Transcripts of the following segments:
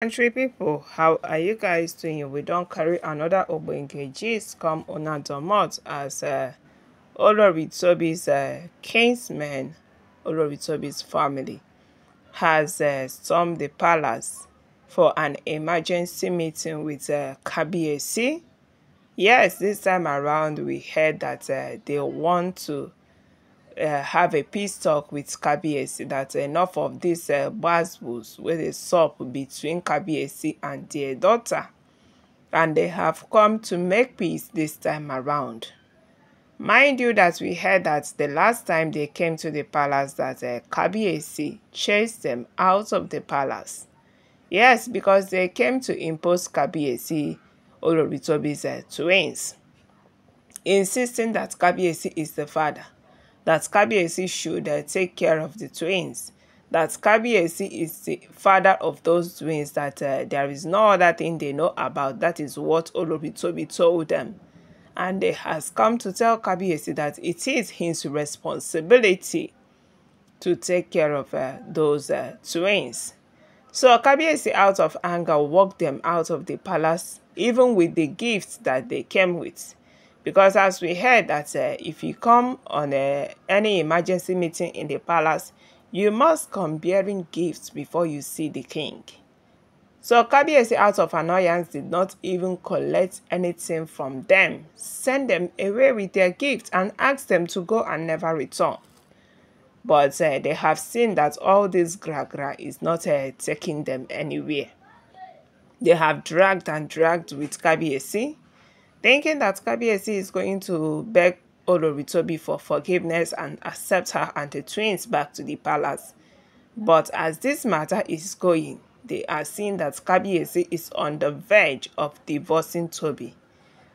Country people, how are you guys doing? We don't carry another Ogbonge gist come Una Domot as uh, Olori Tobi's uh, kinsman, Olori family, has uh, stormed the palace for an emergency meeting with uh, KBAC. Yes, this time around we heard that uh, they want to uh, have a peace talk with Kabiesi that enough of this uh, basbos with they sup between Kabiesi and their daughter and they have come to make peace this time around. Mind you that we heard that the last time they came to the palace that uh, chased them out of the palace. Yes, because they came to impose Kabiesi Oloritobi's uh, twins, insisting that Kabiesi is the father that Kabiesi should uh, take care of the twins, that Kabiesi is the father of those twins, that uh, there is no other thing they know about. That is what Olobitobi told them. And they has come to tell Kabiesi that it is his responsibility to take care of uh, those uh, twins. So Kabiesi, out of anger, walked them out of the palace, even with the gifts that they came with. Because as we heard that uh, if you come on uh, any emergency meeting in the palace, you must come bearing gifts before you see the king. So Kabiesi out of annoyance did not even collect anything from them, send them away with their gifts, and asked them to go and never return. But uh, they have seen that all this gragra is not uh, taking them anywhere. They have dragged and dragged with Kabiesi Thinking that Kabiesi is going to beg Oloritobi for forgiveness and accept her and the twins back to the palace. But as this matter is going, they are seeing that Kabiesi is on the verge of divorcing Toby.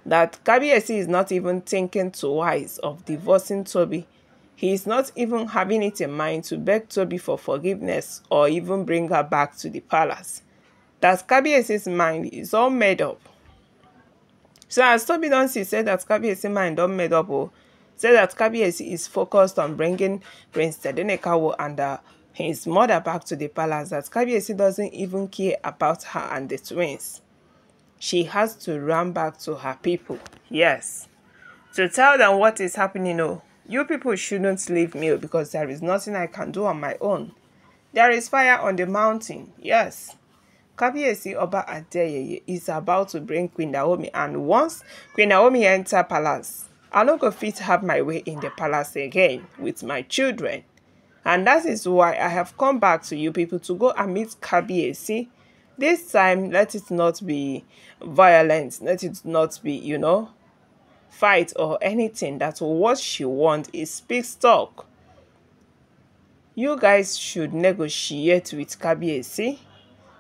That Kabiesi is not even thinking twice of divorcing Toby. He is not even having it in mind to beg Toby for forgiveness or even bring her back to the palace. That Kabiesi's mind is all made up so as Toby Dunsi said that Kabiesi mind don't made up, oh, said that Kabiesi is focused on bringing Prince Tedenekawo and uh, his mother back to the palace, that Kabiesi doesn't even care about her and the twins. She has to run back to her people. Yes. To tell them what is happening, oh, you people shouldn't leave me oh, because there is nothing I can do on my own. There is fire on the mountain, yes. Kabiyesi Oba Adeyeye is about to bring Queen Naomi and once Queen Naomi enter palace, I no go fit have my way in the palace again with my children. And that is why I have come back to you people to go and meet Kabiyesi. This time, let it not be violence, let it not be, you know, fight or anything. That what she want is peace talk. You guys should negotiate with Kabiyesi.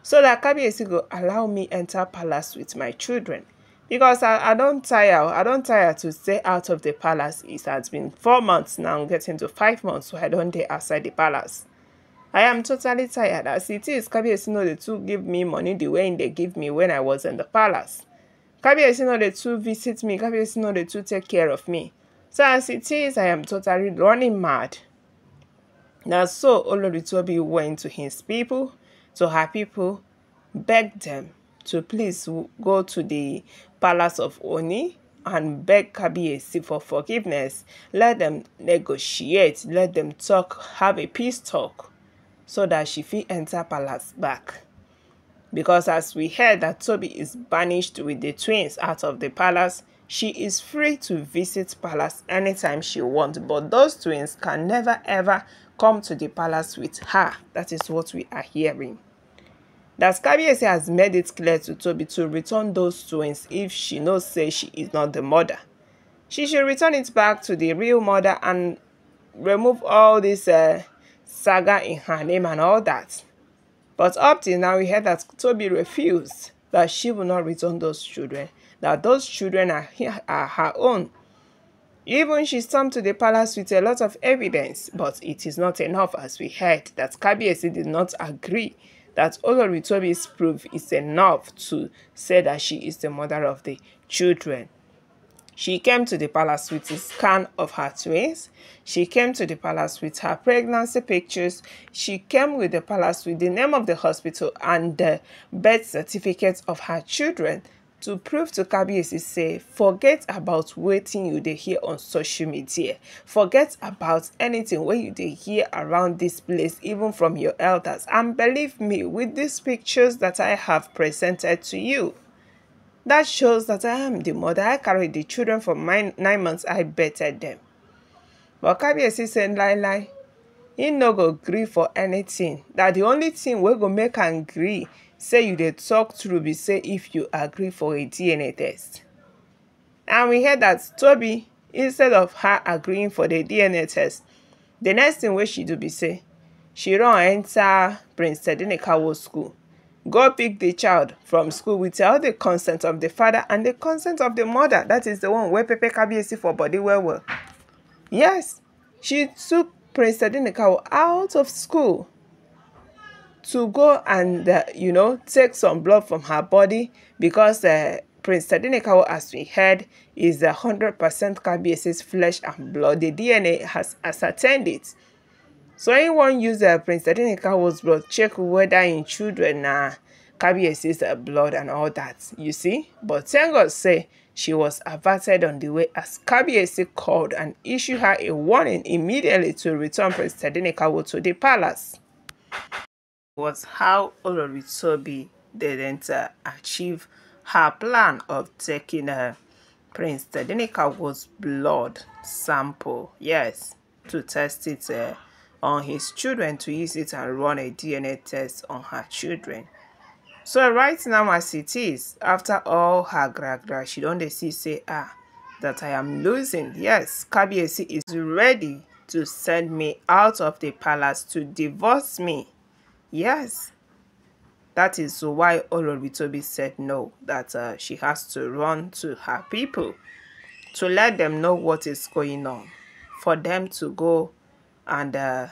so that Kabiyesi go allow me enter palace with my children. Because I, I don't tire, I don't tire to stay out of the palace. It has been four months now, getting to five months, so I don't stay outside the palace. I am totally tired. As it is, Kabiyesi no the two give me money the way they give me when I was in the palace. Kabiyesi no the two visit me. Kabiyesi no the two take care of me. So as it is, I am totally running mad. Now so Oloritobi went to his people So her people, begged them to please go to the palace of Oni and beg Kabiyesi for forgiveness. Let them negotiate, let them talk, have a peace talk so that she fit enter palace back. Because as we heard that Toby is banished with the twins out of the palace, she is free to visit palace anytime she wants, but those twins can never ever come to the palace with her. That is what we are hearing. That Kabiyesi has made it clear to Toby to return those twins if she knows say she is not the mother. She should return it back to the real mother and remove all this uh, saga in her name and all that. But up till now, we heard that Toby refused that she will not return those children, that those children are, are her own, even she stormed to the palace with a lot of evidence, but it is not enough as we heard that Kabiesi did not agree that Oloritobi's proof is enough to say that she is the mother of the children. She came to the palace with a scan of her twins. She came to the palace with her pregnancy pictures. She came with the palace with the name of the hospital and the birth certificates of her children to prove to Kabiyesi say forget about wetin you dey hear on social media forget about anything wey you dey hear around this place even from your elders and believe me with these pictures that I have presented to you that shows that I am the mother I carried the children for my nine months I bettered them but Kabiyesi say lie, lie. he no go gree for anything That the only thing wey go make am gree say you dey talk true be say if you agree for a dna test and we hear that toby instead of her agreeing for the dna test the next thing wey she do be say she run enter prince tedinikawo school go pick the child from school without the consent of the father and the consent of the mother that is the one wey pepe kabiyesi for body well well yes she took prince tedinikawo out of school to go and, uh, you know, take some blood from her body because uh, Prince Tadinekawa, as we heard, is 100% KBS's flesh and blood. The DNA has ascertained it. So anyone use uh, Prince Tadinekawa's blood, check whether in children uh, KBS's uh, blood and all that, you see? But thank God say she was averted on the way as KBS called and issued her a warning immediately to return Prince Tadinekawa to the palace was how Oloritobi didn't achieve her plan of taking uh, Prince was blood sample, yes, to test it uh, on his children, to use it and run a DNA test on her children. So right now as it is, after all her gra she don't see say, ah, that I am losing. Yes, Kabiesi is ready to send me out of the palace to divorce me Yes, that is why Oloritobi said no, that uh, she has to run to her people to let them know what is going on, for them to go and uh,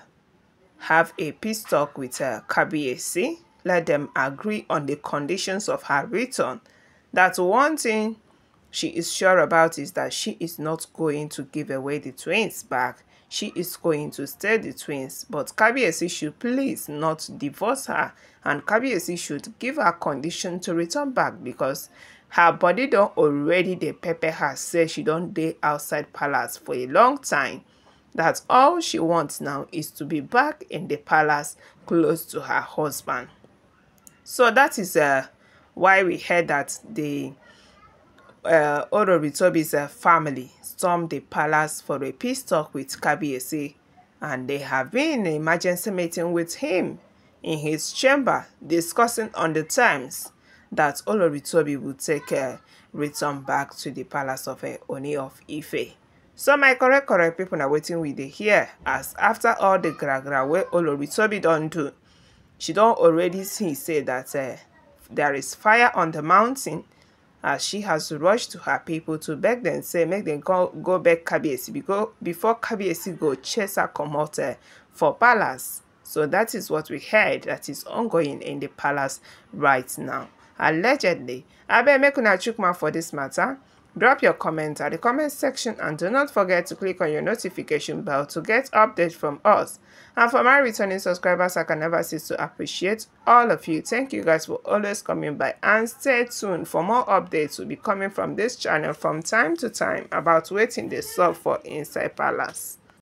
have a peace talk with uh, Kabiesi, let them agree on the conditions of her return. That one thing she is sure about is that she is not going to give away the twins back She is going to stay the twins, but Kabiesi should please not divorce her and Kabiesi should give her condition to return back because her body don already dey pepper her say she don dey outside palace for a long time. That all she wants now is to be back in the palace close to her husband. So that is uh, why we heard that the uh, Orobitobi's uh, family stormed the palace for a peace talk with Kabiesi, and they have been in an emergency meeting with him in his chamber discussing on the times that Oloritobi will take uh, return back to the palace of uh, Oni of Ife. So my correct correct people are waiting with the here as after all the gragra where Oloritobi don't do, she don't already see say that uh, there is fire on the mountain as she has rushed to her people to beg them, say make them go go beg kabiyesi before kabiyesi go chase her comot for palace so that is what we heard that is ongoing in the palace right now allegedly abeg make una chook mouth for this matter Drop your comments at the comment section and do not forget to click on your notification bell to get updates from us. And for my returning subscribers, I can never cease to appreciate all of you. Thank you guys for always coming by and stay tuned for more updates will be coming from this channel from time to time about waiting the sub for Inside Palace.